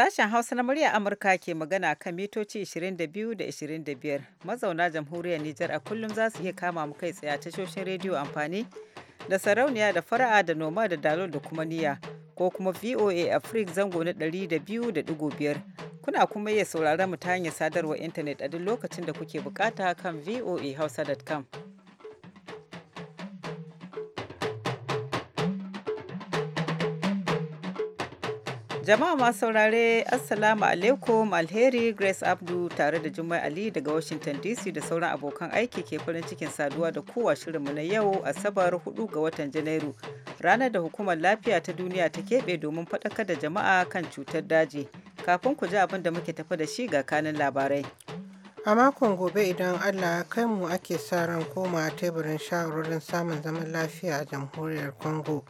Sashen Hausa na murya Amurka ke magana kan mitoci 22 da 25. Mazauna jamhuriyar Nijar a kullum za su iya kama mu kai tsaye a tashoshin rediyo amfani da sarauniya da fara'a da noma da dalol da kuma niya ko kuma VOA Africa zango na 200.5. Kuna kuma iya sauraron mu ta hanyar sadarwar intanet a duk lokacin da kuke bukata kan voahausa.com. Jama'a masu saurare Assalamu alaikum alheri Grace Abdu tare da Jummai Ali daga Washington DC da sauran abokan aiki ke farin cikin saduwa da kowa shirinmu na yau Asabar 4 ga watan Janairu ranar da hukumar lafiya ta duniya ta keɓe domin faɗakar da jama'a kan cutar daji. Kafin ku ji abin da muke tafi da shi ga kanin labarai. A makon gobe idan Allah kai mu ake sa ran koma teburin shawarorin samun zaman lafiya a jamhuriyar Congo.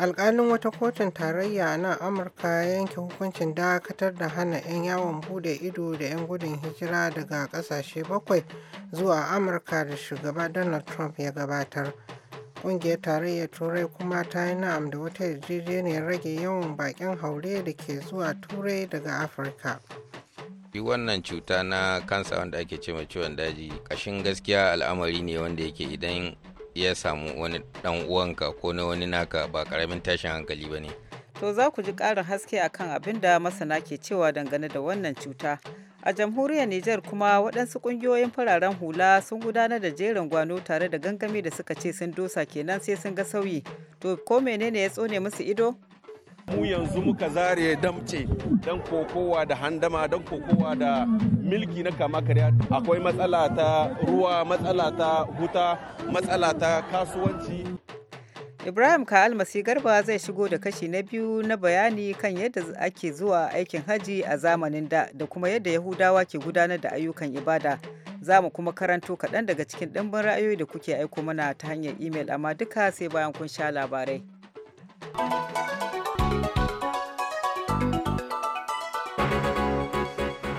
alkalin wata kotun tarayya a nan amurka yanke hukuncin dakatar da hana 'yan yawon bude ido da 'yan gudun hijira daga kasashe bakwai zuwa amurka da shugaba donald trump ya gabatar ƙungiyar tarayyar turai kuma ta yi na'am da wata yarjejeniyar rage yawan bakin haure da ke zuwa turai daga afirka wannan cuta na kansa wanda ake ce ciwon daji kashin gaskiya al'amari ne wanda yake idan ya samu wani dan uwanka ko na wani naka ba karamin tashin hankali ba ne to za ku ji ƙarin haske a kan abin da masana ke cewa dangane da wannan cuta a jamhuriyar nijar kuma waɗansu ƙungiyoyin fararen hula sun gudanar da jerin gwano tare da gangami da suka ce sun dosa kenan sai sun ga sauyi to ko menene ya tsone musu ido mu yanzu muka zare damce don kokowa da handama don kokowa da milki na kama karya akwai matsala ta ruwa matsala ta huta matsala ta kasuwanci ibrahim almasi garba zai shigo da kashi na biyu na bayani kan yadda ake zuwa aikin haji a zamanin da da kuma yadda yahudawa ke gudanar da ayyukan ibada za mu kuma karanto kaɗan daga cikin ɗimbin ra'ayoyi da kuke aiko mana ta hanyar imel amma duka sai bayan kun sha labarai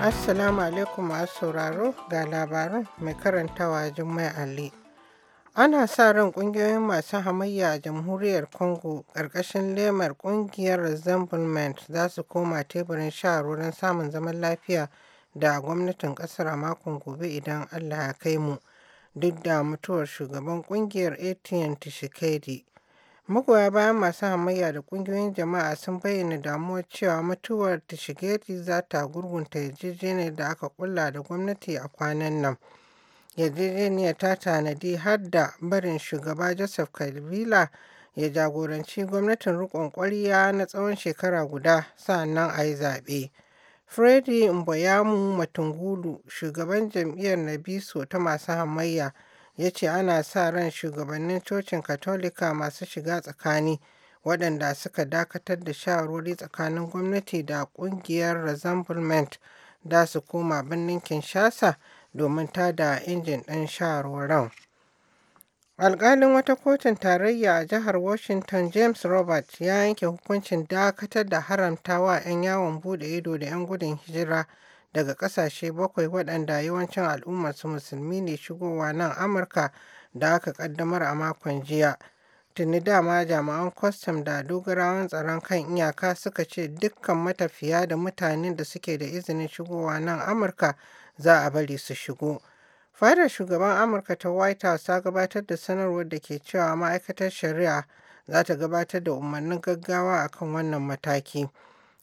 Assalamu alaikum masu sauraro ga labarin mai karantawa Jummai Ali. Ana sa ran kungiyoyin masu hamayya a jamhuriyar Congo ƙarƙashin lemar ƙungiyar Resemblement za su koma teburin shawarwarin samun zaman lafiya da gwamnatin ƙasar a makon gobe idan Allah ya kai mu duk da mutuwar shugaban ƙungiyar ATN Tshisekedi. Magoya bayan masu hamayya da ƙungiyoyin jama'a sun bayyana damuwar cewa mutuwar Tshisekedi za ta gurgunta yarjejeniyar da aka kulla da gwamnati a kwanan nan. Yarjejeniyar ta tanadi har da barin shugaba Joseph Kabila ya jagoranci gwamnatin riƙon ƙwarya na tsawon shekara guda sannan a yi zaɓe. Freddy Mboyamu Matungulu, shugaban jam'iyyar Nabiso ta masu hamayya, ya ce ana sa ran shugabannin cocin katolika masu shiga tsakani waɗanda suka dakatar da shawarwari tsakanin gwamnati da ƙungiyar resemblement da su koma birnin kinshasa domin ta tada injin ɗin shawarwaran alƙalin wata kotun tarayya a jihar washington james robert ya yanke hukuncin dakatar da haramtawa 'yan yawon bude ido da 'yan gudun hijira daga ƙasashe bakwai waɗanda yawancin al'ummarsu musulmi ne shigowa nan amurka da aka ƙaddamar a makon jiya tuni dama jami'an kwastam da dogarawan tsaron kan iyaka suka ce dukkan matafiya da mutanen da suke da izinin shigowa nan amurka za a bari su shigo fadar shugaban amurka ta white house ta gabatar da sanarwar da ke cewa ma'aikatar shari'a za ta gabatar da umarnin gaggawa akan wannan mataki.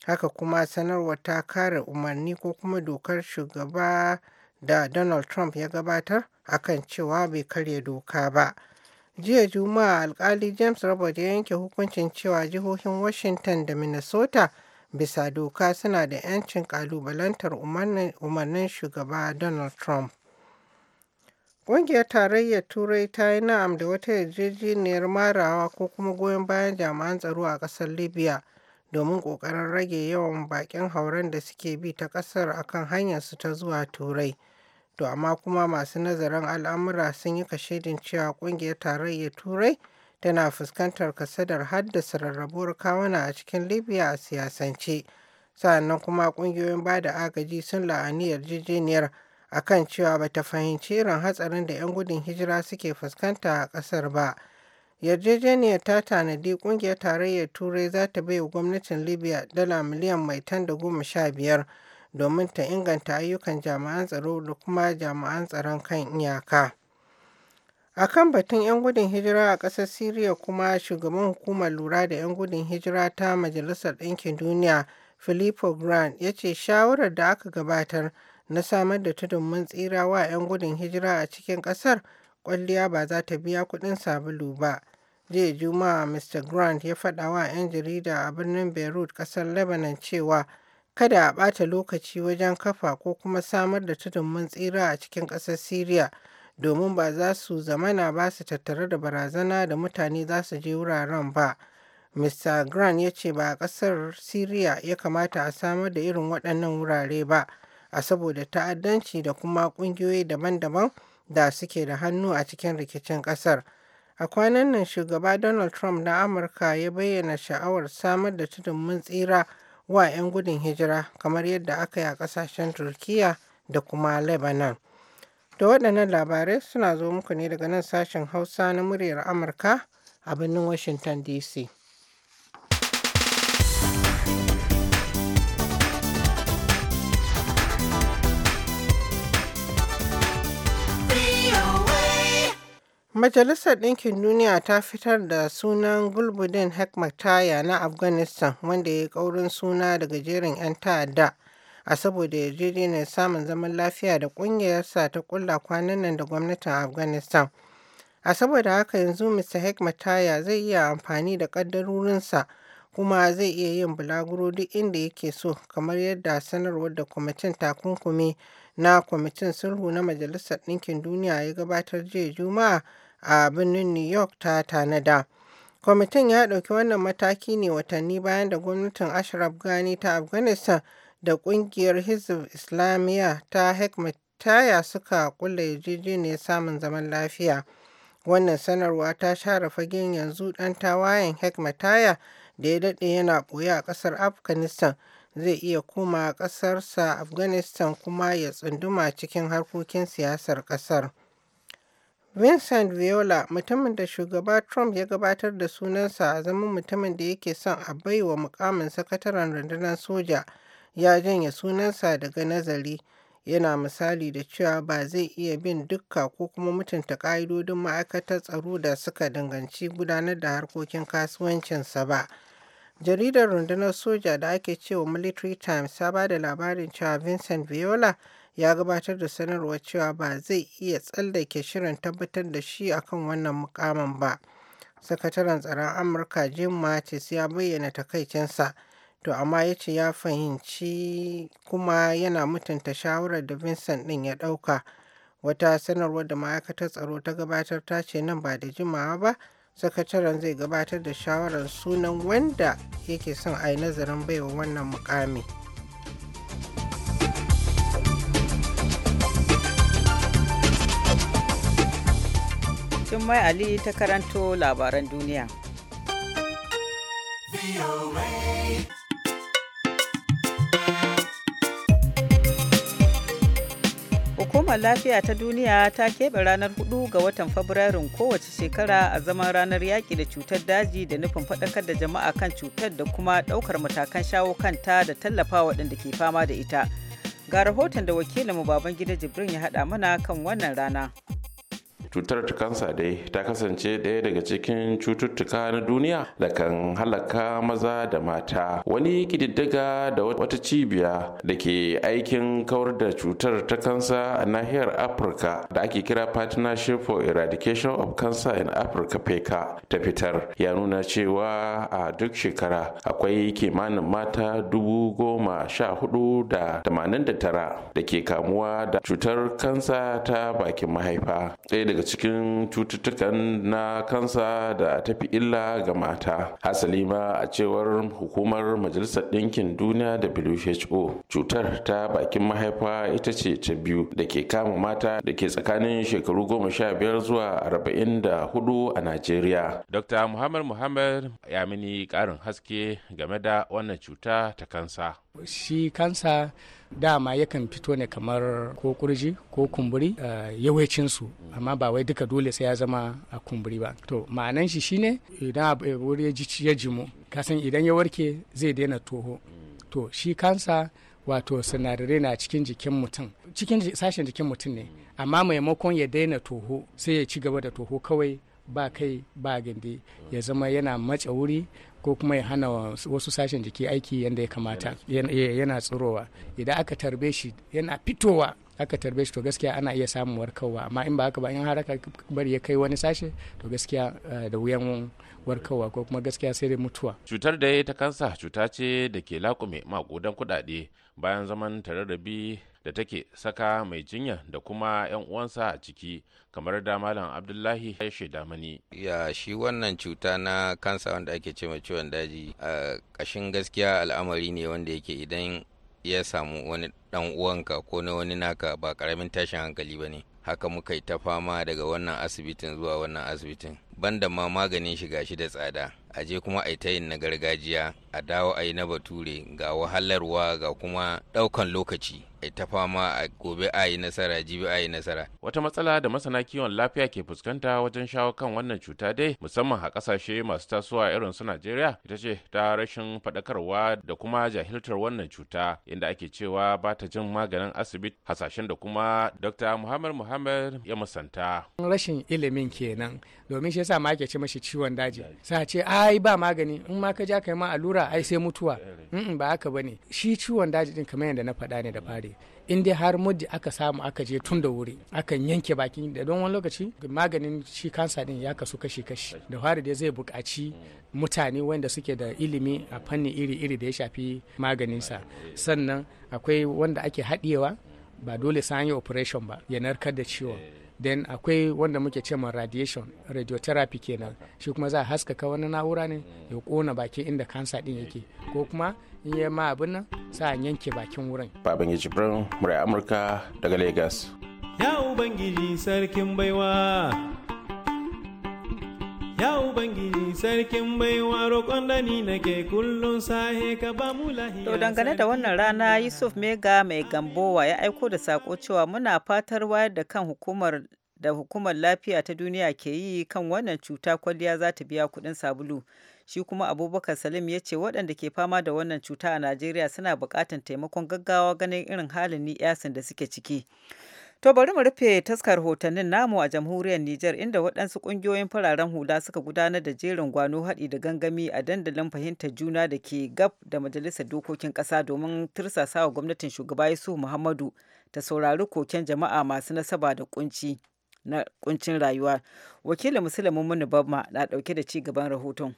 haka kuma sanarwar ta kare umarni ko kuma dokar shugaba da donald trump ya gabatar akan cewa bai karya doka ba jiya juma'a alkali james robert ya yanke hukuncin cewa jihohin washington da minnesota bisa doka suna da 'yancin kalubalantar umarnin shugaba donald trump Ƙungiyar Tarayyar Turai ta yi na'am da wata yarjejeniyar marawa ko kuma goyon bayan jami'an tsaro a ƙasar Libya domin ƙoƙarin rage yawan baƙin hauren da suke bi ta ƙasar a kan hanyarsu ta zuwa Turai. To amma kuma masu nazarin al'amura sun yi kashedin cewa ƙungiyar tarayyar Turai tana fuskantar kasadar haddasa rarrabuwar kawuna a cikin Libya a siyasance. Sa'annan kuma ƙungiyoyin ba da agaji sun la'ani yarjejeniyar akan cewa bata fahimci irin hatsarin da 'yan gudun hijira suke fuskanta a ƙasar ba. Yarjejeniyar ta tanadi kungiyar tarayyar Turai za ta wa gwamnatin Libya dala miliyan mai tan da goma sha biyar domin ta inganta ayyukan jami'an tsaro da kuma jami'an tsaron kan iyaka. A kan batun 'yan gudun hijira a ƙasar Siriya kuma shugaban hukumar lura da 'yan gudun hijira ta Majalisar Ɗinkin Duniya Filippo Grant ya ce shawarar da aka gabatar na samar da tudun mun tsira wa 'yan gudun hijira a cikin ƙasar kwalliya ba za ta biya kuɗin sabulu ba. Jiya Juma'a Mr. Grant ya faɗa wa 'yan jarida a birnin Beirut ƙasar Lebanon cewa kada a ɓata lokaci wajen kafa ko kuma samar da tudun tsira a cikin ƙasar Syria, domin ba za su zamana ba su tattare da barazana da mutane za su je wuraren ba. Mr. Grant ya ce ba a ƙasar Syria ya kamata a samar da irin waɗannan wurare ba, a saboda ta'addanci da kuma ƙungiyoyi daban-daban da suke da hannu a cikin rikicin ƙasar. A kwanan nan shugaba Donald Trump na Amurka ya bayyana sha'awar samar da tudun mun tsira wa 'yan gudun hijira kamar yadda aka yi a ƙasashen Turkiyya da kuma Lebanon. Da waɗannan labarai suna zo muku ne daga nan sashen Hausa na muryar Amurka a birnin Washington DC. Majalisar Ɗinkin Duniya ta fitar da sunan Gulbuddin Taya na Afghanistan wanda ya yi ƙaurin suna daga jerin 'yan ta'adda a saboda yarjejeniyar samun zaman lafiya da ƙungiyarsa ta ƙulla kwanan nan da gwamnatin Afghanistan. A saboda haka yanzu Mr. Taya zai iya amfani da ƙaddarorinsa kuma zai iya yin bulaguro duk inda yake so kamar yadda sanarwar da kwamitin takunkumi na kwamitin sulhu na majalisar ɗinkin duniya ya gabatar jiya juma'a a birnin new york ta tanada kwamitin ya ɗauki wannan mataki ne watanni bayan da gwamnatin ashraf ghani ta afghanistan da ƙungiyar hizb islamiyya ta hekmataya suka kulle yarjejeniyar samun zaman lafiya wannan sanarwa ta share fagen yanzu ɗan tawayen hekmataya da ya daɗe yana ɓoye a ƙasar afghanistan zai iya koma ƙasarsa afghanistan kuma ya tsunduma cikin harkokin siyasar ƙasar vincent viola mutumin da shugaba trump ya gabatar da sunansa a zaman mutumin da yake son a baiwa mukamin sakataren rundunar soja ya janye sunansa daga nazari yana misali da cewa ba zai iya bin dukka ko kuma mutunta ƙa'idodin ma'aikatar tsaro da suka danganci gudanar da harkokin kasuwancinsa ba. Jaridar rundunar soja da ake cewa Military Times ta ba da labarin cewa Vincent Viola ya gabatar da sanarwa cewa ba zai iya tsallake shirin tabbatar da shi akan wannan mukamin ba. Sakataren tsaron Amurka Jim Mattis ya bayyana takaicinsa, to amma ya ce ya fahimci kuma yana mutunta shawarar da Vincent ɗin ya ɗauka. Wata sanarwar da ma'aikatar tsaro ta gabatar ta ce nan ba da jimawa ba. sakataren zai gabatar da shawarar sunan wanda yake son a yi nazarin baiwa wannan mukami. Jummai Ali ta karanto labaran duniya. hukumar lafiya ta duniya ta keɓe ranar 4 ga watan fabrairun kowace shekara a zaman ranar yaƙi da cutar daji da nufin faɗakar da jama'a kan cutar da kuma ɗaukar matakan shawo kanta da tallafa waɗanda ke fama da ita ga rahoton da wakilinmu baban gida jibrin ya haɗa mana kan wannan rana cutar kansa dai ta kasance ɗaya daga cikin cututtuka na duniya da kan halaka maza da mata wani kididdiga da wata cibiya da ke aikin kawar da cutar ta kansa a nahiyar afirka da ake kira partnership for eradication of cancer in africa peka ta fitar ya nuna cewa a duk shekara akwai kimanin mata dubu goma sha hudu da tamanin da tara da ke kamuwa da cutar kansa ta bakin mahaifa ɗaya daga daga cikin cututtukan na kansa da tafi illa ga mata hasali ma a cewar hukumar majalisar ɗinkin duniya who cutar ta bakin mahaifa ita ce ta biyu da ke kama mata da ke tsakanin shekaru goma sha biyar zuwa arba'in da hudu a najeriya dr muhammad muhammad ya mini ƙarin haske game da wannan cuta ta kansa dama yakan fito ne kamar ko kurji ko kumburi eh, yawancin su amma ba wai duka dole sai ya zama a kumburi ba to ma'anan shi shine idan eh, wuri ya jimu kasan idan ya warke zai daina toho to shi kansa wato sinadarai na cikin jikin mutum cikin sashen jikin mutum ne amma maimakon ya daina toho sai ya ci gaba da toho kawai ba kai ba gindi ya zama yana matse wuri ko kuma ya hana wasu sashen jiki aiki yadda ya kamata eh, yana tsirowa idan aka tarbe shi yana fitowa aka tarbe shi to gaskiya ana iya samun warkarwa amma in ba haka ba in har aka bari ya kai wani sashe to gaskiya eh, da wuyan warkarwa ko kuma gaskiya sai da mutuwa cutar da ta kansa cuta ce da ke lakume makudan kudade bayan zaman bi da take saka mai jinya da kuma 'yan uwansa a ciki kamar da malam abdullahi ya shaida mani ya shi wannan cuta na kansa wanda ake ce mai ciwon daji a ƙashin gaskiya al'amari ne wanda yake idan ya samu wani dan uwanka ko na wani naka ba karamin tashin hankali ba ne haka muka yi ta fama daga wannan asibitin zuwa wannan asibitin banda ma maganin shiga shi da tsada a je kuma a yi ta yin na gargajiya a dawo a yi na bature ga wahalarwa ga kuma ɗaukan lokaci ta fama a gobe a yi nasara jibi a yi nasara. Wata matsala da masana kiwon lafiya ke fuskanta wajen shawo kan wannan cuta dai musamman a kasashe masu tasowa irin su Najeriya ita ce ta rashin faɗakarwa da kuma jahiltar wannan cuta inda ake cewa ba ta jin maganin asibiti hasashen da kuma Dr. Muhammad Muhammad ya musanta. Rashin ilimin kenan domin shi yasa ma ake ce mashi ciwon daji. Sa ce ai ba magani in ma ka ja kai ma allura ai sai mutuwa. Eh, eh. ba haka ne Shi ciwon daji din kamar yadda na faɗa ne da fari. wuri in dai har muddi aka samu aka je tun da wuri akan yanke bakin da don wani lokaci maganin shi kansa din ya kasu kashi kashi da fari dai zai buƙaci mutane wanda suke da ilimi a fanni iri iri da ya shafi maganin sa. sannan akwai wanda ake haɗewa ba dole sa yi operation ba ya narkar da ciwon Den akwai wanda muke cewa radiation radiotherapy kenan shi kuma za a haskaka wani na'ura ne ya kona baki inda kansa din yake ko kuma in yi ma abin nan sa yanke bakin wurin. Baban Brown, murai Amurka daga Lagos. Ya Ubangiji sarkin baiwa. Ya Ubangiji sarkin baiwa roƙon da ni nake kullum sahe ka ba mu lahiya. To dangane da wannan rana Yusuf Mega mai gambowa ya aiko da sako cewa muna fatar wayar da kan hukumar da hukumar lafiya ta duniya ke yi kan wannan cuta kwalliya za ta biya kuɗin sabulu. Shi kuma Abubakar Salim ya ce waɗanda ke fama da wannan cuta a Najeriya suna buƙatar taimakon gaggawa ganin irin halin ni'yasin da suke ciki. To bari mu rufe taskar hotannin namu a jamhuriyar Nijar inda waɗansu ƙungiyoyin fararen hula suka gudanar da jerin gwano haɗi da gangami a dandalin fahimtar juna da ke gab da Majalisar Dokokin Ƙasa domin tursasa wa gwamnatin shugaba Yusuf Muhammadu ta saurari koken jama'a masu nasaba da kunci na kuncin rayuwa. Wakilin Musulmin Muni Babma na ɗauke da ci gaban rahoton.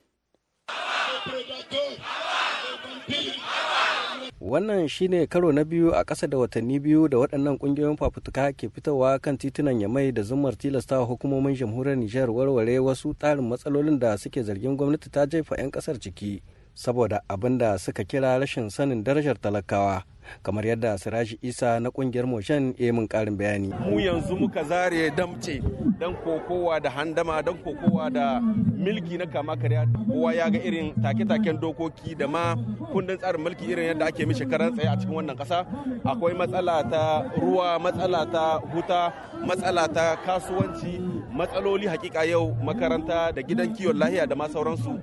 wannan shine karo na biyu a ƙasa da watanni biyu da waɗannan ƙungiyoyin fafutuka ke fitowa kan titunan yamai da zumar tilasta wa hukumomin jamhuriyar nijar warware wasu tsarin matsalolin da suke zargin gwamnati ta jefa 'yan ƙasar ciki saboda abin da suka kira rashin sanin darajar talakawa kamar yadda siraji isa na kungiyar motion ya mun karin bayani mu yanzu muka zare damce dan kokowa da handama dan kokowa da milki na kama karya kowa ya ga irin take-taken dokoki da ma kundin tsarin mulki irin yadda ake mishi karan tsaye a cikin wannan kasa akwai matsala ta ruwa matsala ta huta matsala ta kasuwanci matsaloli hakika yau makaranta da gidan kiwon lahiya da ma sauransu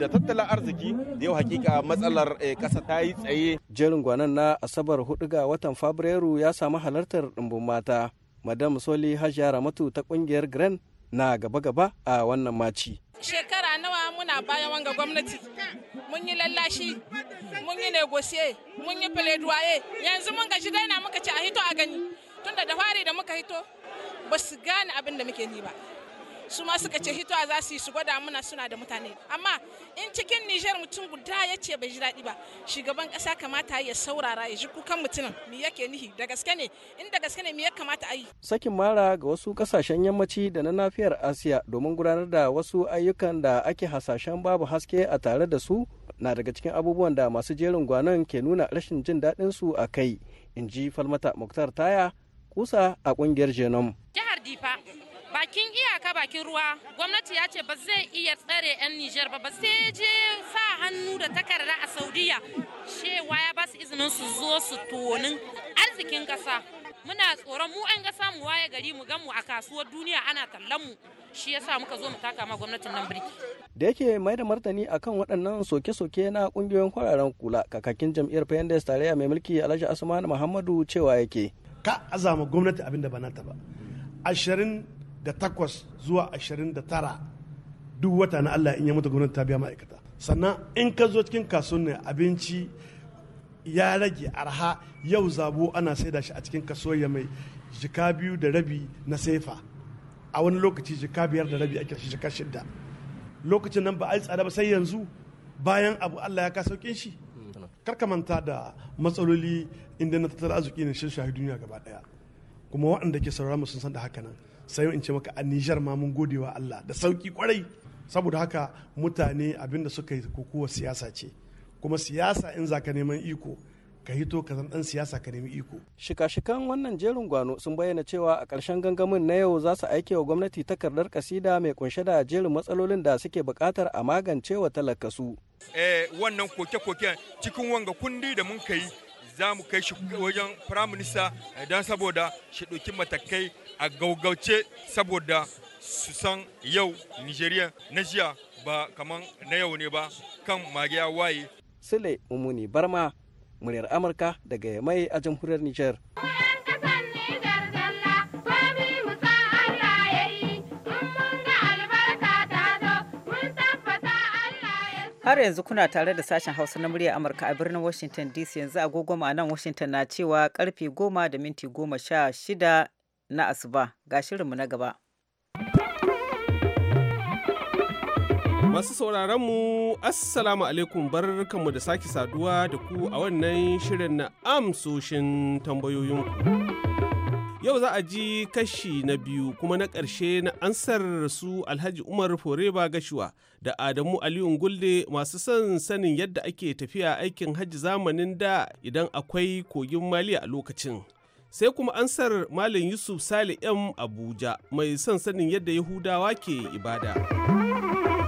da tattalin arziki da yau hakika matsalar kasa eh, ta yi tsaye jerin gwanan na Asabar 4 ga watan Fabrairu ya samu halartar ɗumbin mata. Madam Soli Hajiya Ramatu ta kungiyar Grand na gaba-gaba a wannan maci. Shekara nawa muna bayan wanga gwamnati, mun yi lallashi, mun yi negosiye, mun yi fileduwaye, yanzu mun gaji daina muka ci a hito a gani, tunda da fari da muka hito ba su gane abin da muke ni ba. su ma suka ce hito za su yi su gwada muna suna da mutane amma in cikin nijar mutum guda ya ce bai ji daɗi ba shugaban ƙasa kamata ya saurara ya ji kukan mutumin me yake nihi da gaske ne in da gaske ne me ya kamata a yi sakin mara ga wasu kasashen yammaci da na nafiyar asiya domin gudanar da wasu ayyukan da ake hasashen babu haske a tare da su na daga cikin abubuwan da masu jerin gwanon ke nuna rashin jin daɗin su a kai in ji falmata muktar taya kusa a ƙungiyar jenom jihar difa bakin iyaka bakin ruwa gwamnati ya ce ba zai iya tsare 'yan Nijar ba ba sai je sa hannu da takarda a Saudiya cewa ya ba su izinin su zo su tonin arzikin kasa Muna tsoron mu 'yan ƙasa mu waye gari mu gan mu a kasuwar duniya ana tallan mu shi yasa muka zo mu taka ma gwamnatin nan birki. Da yake mai da martani akan waɗannan soke-soke na ƙungiyoyin kwararen kula kakakin jam'iyyar fayyandes tarayya mai mulki Alhaji Asman Muhammadu cewa yake. Ka azama gwamnati abin da ba nata ba. Ashirin da takwas zuwa ashirin da tara duk wata na Allah in ya mutu gwamnati ta biya ma'aikata sannan in ka zo cikin kasuwanni abinci ya rage arha yau zabo ana saida shi a cikin kasuwa mai jika biyu da rabi na sefa a wani lokaci jika biyar da rabi ake shi jika shidda lokacin nan ba a yi tsada ba sai yanzu bayan abu Allah ya ka saukin shi karka manta da matsaloli inda na tattalin arziki ne shi shahi duniya gaba daya kuma waɗanda ke sauraron mu sun san da haka nan sai in ce maka a Nijar ma mun gode wa Allah da sauki kwarai saboda haka mutane abinda suka yi kokowa siyasa ce kuma siyasa in zaka neman iko ka hito ka zan dan siyasa ka nemi iko shika-shikan wannan jerin gwano sun bayyana cewa a ƙarshen gangamin na yau za su aike wa gwamnati takardar kasida mai kunshe da jerin matsalolin da suke buƙatar a magance wa talakasu eh wannan koke-koken cikin wanga kundi da mun kai za mu kai shi wajen firaminista eh, don saboda shi ɗauki matakai a gaugauce saboda su san yau nigeria na jiya ba kaman na yau ne ba kan magiya waye sule umuni barma muryar amurka daga mai a jamhuriyar niger Har yanzu kuna tare da sashen Hausa na murya Amurka a birnin Washington DC yanzu agogo nan Washington na cewa karfe goma da minti goma sha shida na asuba ga shirinmu na gaba. Masu sauraronmu mu Assalamu alaikum barkanmu da sake saduwa da ku a wannan shirin na amsoshin tambayoyinku. Yau za a ji kashi na biyu kuma na ƙarshe na ansar su Alhaji Umar Foreba Gashuwa da Adamu Aliyu Gulde masu son sanin yadda ake tafiya aikin hajji zamanin da idan akwai kogin mali a lokacin. Sai kuma ansar Malam Yusuf Sale M Abuja mai son sanin yadda Yahudawa ke ibada.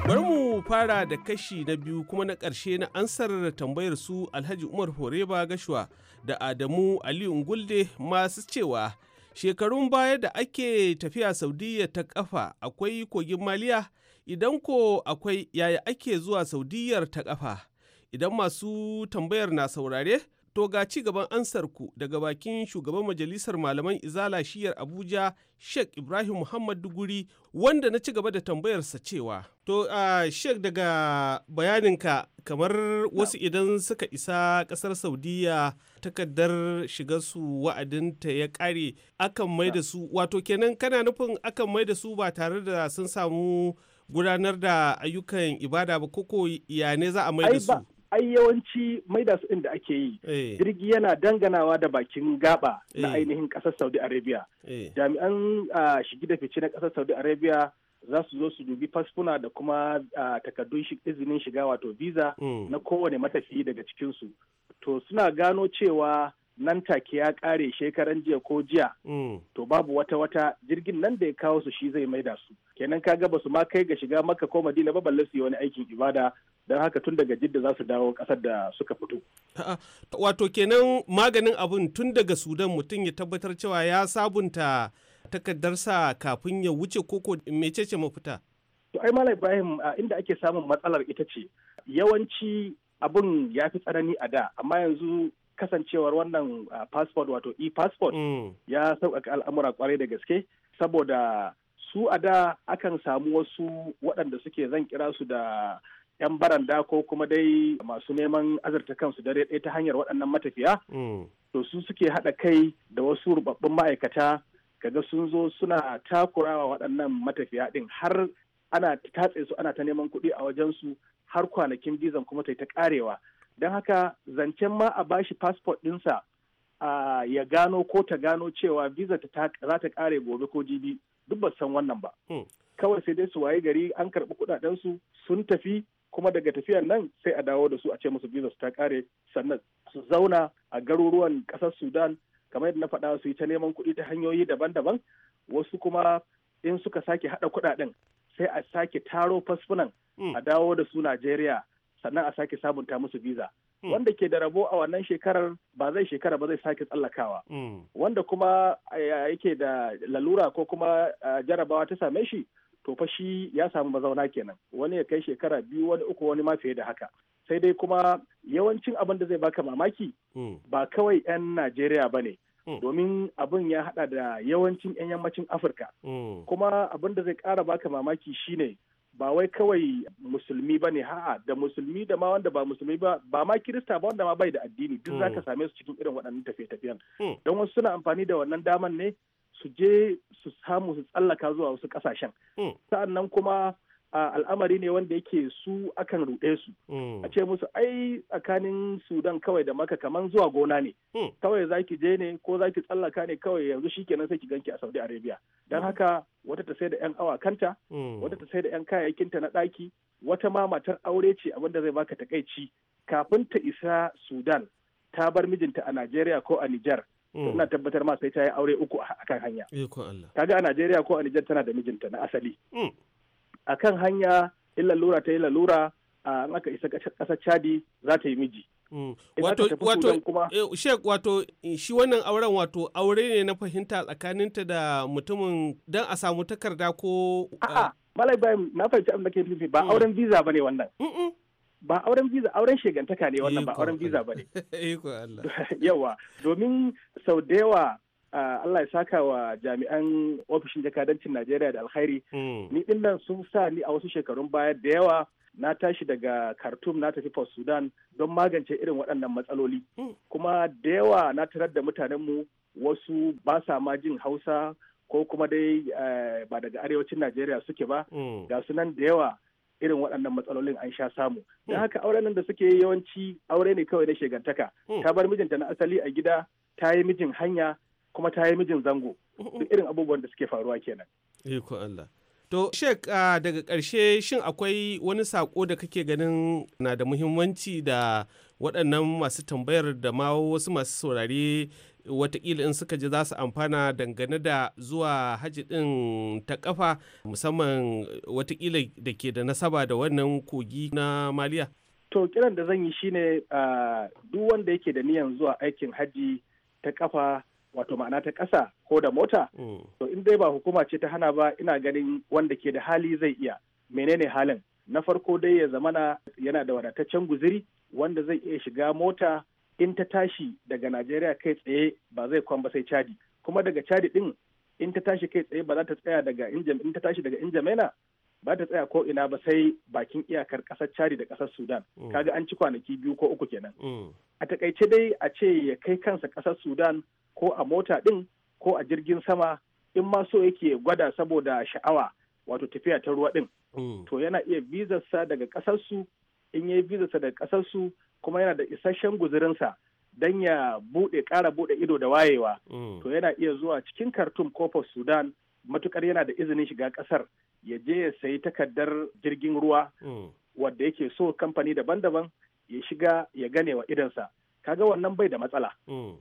Bari mu fara da kashi na biyu kuma na ƙarshe na ansar tambayar su Alhaji Umar Foreba Gashuwa da Adamu Aliyu Ngulde masu cewa shekarun baya da ake tafiya saudiya ta kafa akwai kogin maliya idan ko akwai yaya ake zuwa saudiyar ta kafa idan masu tambayar na saurare To ga ci gaban ansarku daga bakin shugaban majalisar malaman izala shiyar Abuja Sheikh Ibrahim Muhammad Duguri wanda na ci gaba da tambayarsa cewa. To uh, Sheikh daga bayaninka kamar wasu idan suka isa kasar Saudiya takardar shiga su wa'adinta ya kare akan mai da su wato kenan kana nufin akan mai da su ba tare da sun samu gudanar da ayyukan ibada ba koko ya ne za a mai da su. ai yawanci mai maida su inda ake yi eh. jirgi yana danganawa da bakin gaba na eh. ainihin kasar saudi arabia eh. jami'an shigi da fice na kasar saudi arabia za su zo su dubi fasfuna da kuma takardun izinin shiga wato visa hmm. na kowane matafiyi daga cikinsu to suna gano cewa nan take ya kare shekaran jiya ko jiya mm. to babu wata wata jirgin nan da ya kawo su shi zai maida su kenan kaga basu ma kai ga shiga maka ko madina ba balle su yi wani aikin ibada don haka tun daga jidda za su dawo kasar da suka fito wato kenan maganin abun tun daga sudan mutum ya tabbatar cewa ya sabunta takardarsa kafin ya wuce koko mecece mafita to ai malam ibrahim inda ake samun matsalar ita ce yawanci abun ya fi tsanani a da amma yanzu kasancewar wannan uh, passport wato e-passport mm. ya sauƙaƙa al'amura kwarai da gaske saboda su a da akan samu wasu waɗanda suke zan kira su da 'yan baranda ko kuma dai masu neman azurta kansu dare ɗaya ta hanyar waɗannan matafiya mm. to su suke haɗa kai da wasu rubabbun ma'aikata kaga sun zo suna takurawa waɗannan matafiya ɗin har ana tatse su ana ta neman kuɗi a wajen su har kwanakin bizan kuma ta yi ta ƙarewa. don haka zancen ma a bashi fasfot dinsa ya gano ko ta gano cewa visa ta za ta kare gobe ko jibi duk san wannan ba hmm. kawai sai dai su waye gari an karɓi kuɗaɗen su sun tafi kuma daga tafiyar nan sai a dawo da su a ce musu visa su ta kare sannan su zauna a garuruwan ƙasar sudan kamar yadda na faɗa su yi ta neman kuɗi ta hanyoyi daban-daban wasu kuma in suka sake haɗa kuɗaɗen sai a sake taro fasfunan hmm. a dawo da su najeriya sannan a sake sabunta musu visa hmm. wanda ke da rabo a wannan shekarar ba zai shekara ba zai sake tsallakawa hmm. wanda kuma eh, yake da lalura ko kuma eh, jarabawa ta same shi to fa shi ya samu mazauna kenan wani ya kai shekara biyu wani uku wani ma fiye da haka sai dai kuma yawancin abin da zai baka mamaki hmm. ba kawai 'yan najeriya ba ne domin abin ya hada da yawancin 'yan yammacin afirka kuma abin da zai kara baka mamaki shine ba wai kawai musulmi ba ne ha'a da musulmi da ma wanda ba musulmi ba ba ma kirista ba wanda ma bai da addini duk za ka mm. same su cikin irin waɗannan tafiye-tafiyen mm. don wasu suna amfani da wannan daman ne su je su samu su tsallaka zuwa wasu ƙasashen mm. sa'an kuma al'amari ne wanda yake su akan ruɗe su hmm. a ce musu ai tsakanin sudan kawai da maka kaman zuwa gona ne hmm. kawai za ki je ne ko za ki tsallaka ne kawai yanzu shi shikenan sai ki ganki a saudi arabia don hmm. haka wata ta sai da yan awakanta wata ta sai da yan kayayyakinta na ɗaki wata ma matar aure ce abinda zai baka takaici kafin ta isa sudan ta bar mijinta a najeriya ko a nijar ina tabbatar ma sai ta yi aure uku a hanya kaga a najeriya ko a nijar tana da mijinta na asali a kan hanya in lalura ta yi lalura a aka isa ƙasar chadi za ta yi miji mm. Wato, eh, Sheik, wato, shi wannan auren wato aure ne na fahimta tsakaninta da mutumin don a samu takarda ko. A'a, eh, Malai bayan na fahimci abin da ke nufi ba mm. auren visa ba ne wannan. Ba auren visa, auren shegantaka ne wannan ba auren visa ba ne. Yawa, domin sau da yawa Ah, Allah ya saka wa jami'an ofishin jakadancin Najeriya da alkhairi. Hmm. Ni din nan sun sa ni a wasu shekarun baya da yawa na tashi daga Khartoum na tafi Port Sudan don magance irin waɗannan matsaloli. Hmm. Kuma da yawa na tarar da mutanenmu wasu ba sa ma jin Hausa ko kuma dai eh, ba daga arewacin Najeriya suke ba. Hmm. Ga su nan da yawa irin waɗannan matsalolin an sha samu. Don haka auren nan da suke yawanci aure ne kawai na shegantaka. Ta bar mijinta na asali a gida ta yi mijin hanya kuma ta yi mijin zango duk irin abubuwan da suke faruwa kenan iko Allah to Sheik, daga ƙarshe shin akwai wani sako da kake ganin na da muhimmanci da waɗannan masu tambayar da ma wasu masu saurare watakila in suka ji za su amfana dangane da zuwa haji ɗin ta ƙafa musamman watakila da ke da nasaba da wannan kogi na maliya to kiran da zan yi shine duk wanda yake da niyan zuwa aikin haji ta ƙafa wato ma'ana ta ƙasa ko da mota mm. to in dai ba hukuma ce ta hana ba ina ganin wanda ke da hali zai iya menene halin na farko dai ya zamana yana da wadataccen guziri wanda zai iya shiga mota in ta tashi daga najeriya kai tsaye ba zai kwan ba sai Chadi. kuma daga Chadi din in ta tashi kai tsaye ba za ta tsaya daga injam in ta tashi daga injamena ba ta tsaya ko ina ba sai bakin iyakar ƙasar Chadi da kasar sudan mm. kaga an ci kwanaki biyu ko uku kenan mm. a takaice dai a ce ya kai kansa ƙasar sudan ko a mota ɗin ko a jirgin sama in ma so yake gwada saboda sha'awa wato tafiya ta ruwa ɗin. Mm. To yana iya bizarsa daga ƙasarsu in ya yi bizarsa daga ƙasarsu kuma yana da isasshen guzurinsa don ya buɗe ƙara buɗe ido da wayewa. Mm. To yana iya zuwa cikin Khartoum ko Sudan matuƙar yana da izinin shiga ƙasar ya je ya sayi takardar jirgin ruwa mm. wadda yake so kamfani daban-daban ya shiga ya gane wa idansa. Kaga wannan bai da matsala.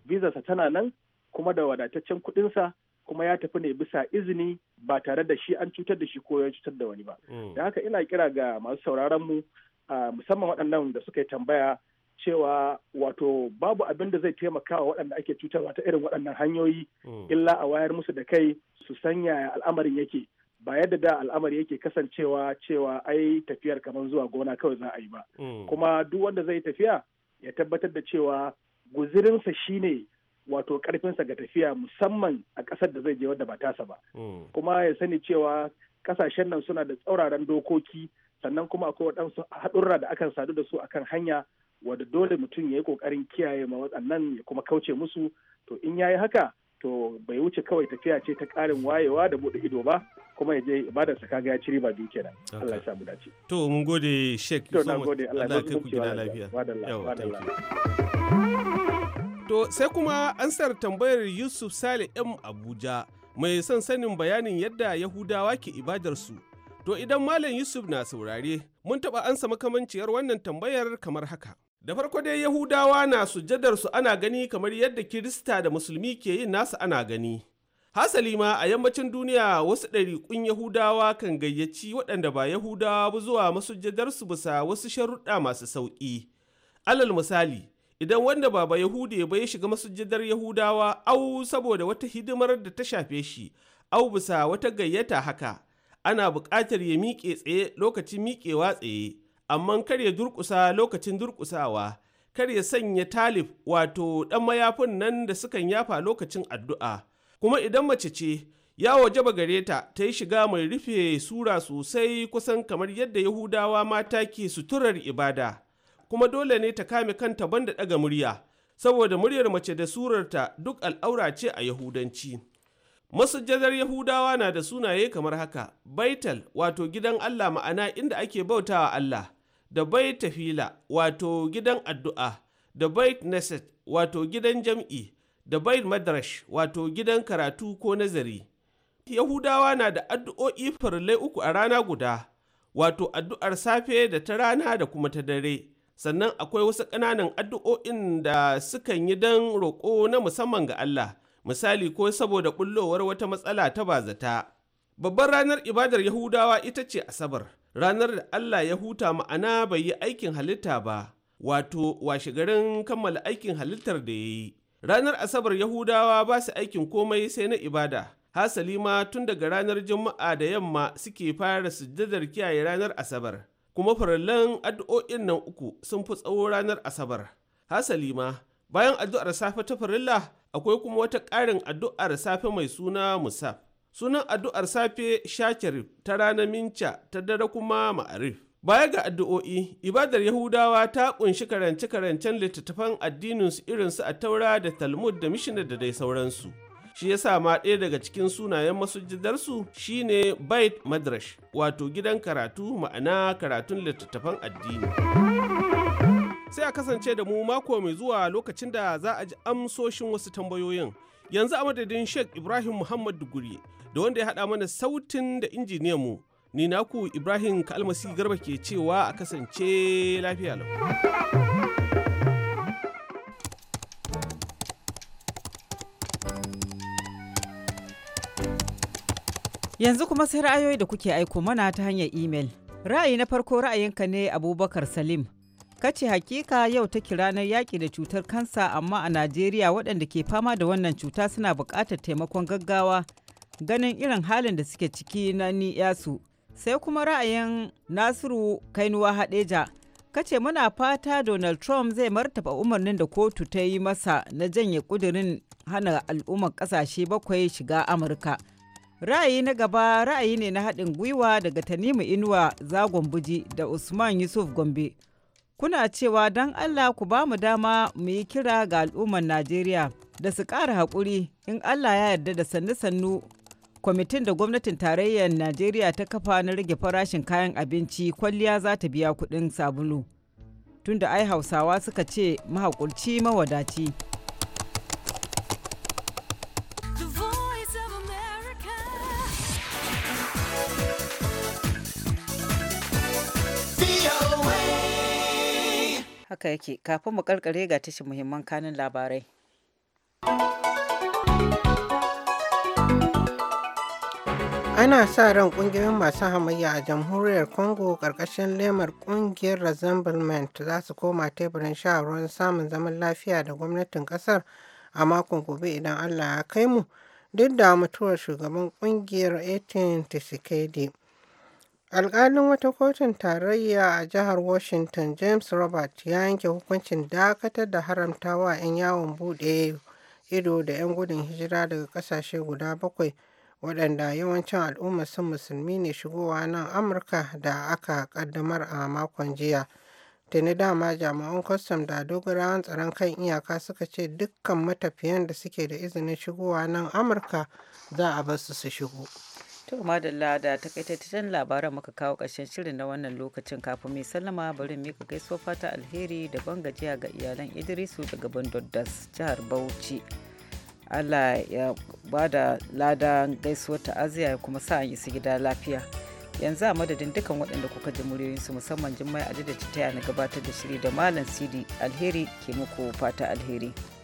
Bizarsa tana nan kuma da wadataccen kuɗinsa kuma ya tafi ne bisa izini ba tare da shi an cutar da shi ko ya cutar da wani ba. Mm. Da haka ina kira ga masu sauraron mu musamman waɗannan da suka yi tambaya cewa wato babu abin da zai taimaka wa waɗanda ake cutarwa ta irin waɗannan hanyoyi mm. illa a wayar musu da kai su sanya al'amarin yake ba yadda da al'amari yake kasancewa cewa ai tafiyar kamar zuwa gona kawai za a yi ba mm. kuma duk wanda zai tafiya ya tabbatar da cewa guzirinsa shine wato karfinsa ga tafiya musamman a ƙasar da zai je wadda ba tasa ba mm. kuma ya sani cewa kasashen nan suna da tsauraran dokoki sannan kuma akwai waɗansu haɗurra da akan sadu da su akan hanya wadda dole mutum ya yi ƙoƙarin kiyaye ma waɗannan ya kuma kauce musu to in ya yi haka to bai wuce kawai tafiya ce ta ƙarin wayewa da buɗe ido ba kuma ya je ibadar sa kaga ya ci riba biyu kenan Allah ya samu dace to mun gode Sheikh to na gode Allah ya kai ku gida lafiya Allah To sai kuma ansar tambayar Yusuf Sale M Abuja mai son sanin bayanin yadda Yahudawa ke ibadarsu. To idan Malam Yusuf na saurare, mun taɓa ansa makamanciyar wannan tambayar kamar haka. Da farko dai Yahudawa na sujadarsu ana gani kamar yadda Kirista da Musulmi ke yin nasu ana gani. Hasali ma a yammacin duniya wasu ɗariƙun Yahudawa kan gayyaci waɗanda ba Yahudawa ba zuwa masujadarsu bisa wasu sharuɗa masu sauƙi. Alal misali, idan wanda ba Yahude ba ya shiga masujadar Yahudawa au saboda wata hidimar da ta shafe shi, au bisa wata gayyata haka, ana buƙatar ya miƙe tsaye lokacin miƙewa tsaye, amma kar ya durƙusa lokacin durƙusawa, kar ya sanya talif wato ɗan mayafin nan da sukan yafa lokacin addu'a. Kuma idan mace ce, ya wajaba gare ta ta yi shiga mai rufe sura sosai kusan kamar yadda Yahudawa mata ke suturar ibada. kuma dole ne ta kame kanta banda ɗaga murya saboda muryar mace da surarta duk al'aura ce a yahudanci masujadar yahudawa na da sunaye kamar haka baital wato gidan allah ma'ana inda ake bautawa allah da baitafila fila wato gidan addu'a da bait neset wato gidan jam'i da bait madrash wato gidan karatu ko nazari yahudawa na da addu'o'i farillai uku a rana guda wato addu'ar safe da ta rana da kuma ta dare sannan akwai wasu ƙananan addu'o'in da sukan yi don roƙo na musamman ga Allah misali ko saboda ɓullowar wata matsala ta bazata babbar ranar ibadar yahudawa ita ce asabar ranar da Allah ya huta ma'ana bai yi aikin halitta ba wato washe, garin kammala aikin halittar da ya yi ranar asabar yahudawa ba su aikin komai sai na ibada hasali ma tun daga ranar juma'a da yamma suke fara sujjadar kiyaye ranar asabar kuma farallan addu'o'in nan uku sun fi tsawo ranar asabar hasali ma bayan addu'ar safe ta farilla akwai kuma wata ƙarin addu'ar safe mai suna musaf sunan addu'ar safe shakirif ta ranar minca ta dare kuma ma'arif baya ga addu'o'i ibadar yahudawa ta kunshi karance-karancen littattafan addininsu irinsu a taura da talmud da Mishina da dai sauransu shi ya sa ma ɗaya daga cikin sunayen masujidarsu shine bait madrash wato gidan karatu ma'ana karatun littattafan addini sai a kasance da mu mako mai zuwa lokacin da za a ji amsoshin wasu tambayoyin yanzu a madadin sheikh ibrahim muhammad duguri da wanda ya haɗa mana sautin da injiniyan mu ni naku ibrahim kalmasi garba ke cewa a kasance lafiya lau Yanzu kuma sai ra'ayoyi da kuke aiko mana ta hanyar imel. Ra'ayi na farko ra'ayinka ne Abubakar Salim. Kace hakika yau ta take ranar yaƙi da cutar kansa amma a Najeriya waɗanda ke fama da wannan cuta suna buƙatar taimakon gaggawa ganin irin halin da suke ciki na yasu. Sai kuma ra'ayin Nasiru Kainuwa Hadeja. Kace muna fata Donald Trump zai martaba umarnin da kotu ta yi masa na janye ƙudurin hana al'ummar ƙasashe bakwai shiga Amurka. Ra'ayi na gaba ra'ayi ne na haɗin gwiwa daga Tanimu Inuwa Zagon Buji da Usman Yusuf Gombe. Kuna cewa don Allah ku ba mu dama mu yi kira ga al'ummar Najeriya da su ƙara haƙuri in Allah ya yarda da sannu-sannu kwamitin da gwamnatin tarayyar Najeriya ta kafa na rage farashin kayan abinci kwalliya za ta biya kuɗin sabulu. Tunda ai Hausawa suka ce mahaƙurci mawadaci. haka yake kafin mu karkare ga tashin muhimman kanin labarai. Ana sa ran kungiyoyin masu hamayya a jamhuriyar Congo ƙarƙashin lemar kungiyar Resemblement za su koma teburin shawarwar samun zaman lafiya da gwamnatin ƙasar a makon gobe idan Allah ya kai mu duk da mutuwar shugaban kungiyar 18 Tshisekedi. alkalin wata kotun tarayya a jihar Washington James Robert ya yanke hukuncin dakatar da haramtawa 'yan yawon bude ido da 'yan gudun hijira daga kasashe guda bakwai waɗanda yawancin al'ummar sun musulmi ne shigowa nan Amurka da aka kaddamar a makon jiya. Tuni dama jami'an kwastam da dogarawan tsaron kan iyaka suka ce dukkan matafiyan da suke da izinin shigowa nan Amurka za a bar su su shigo. To madalla da takaitaccen labaran muka kawo ƙarshen shirin na wannan lokacin kafin mai sallama bari mika gaisuwa fata alheri da ban gajiya ga iyalan Idrisu daga Doddas jihar Bauchi. Allah ya ba da lada gaisuwar ta'aziya kuma sa an yi su gida lafiya. yanzu a madadin dukkan waɗanda kuka ji su musamman jimmai a da ta na gabatar da shiri da malam sidi alheri ke muku fata alheri.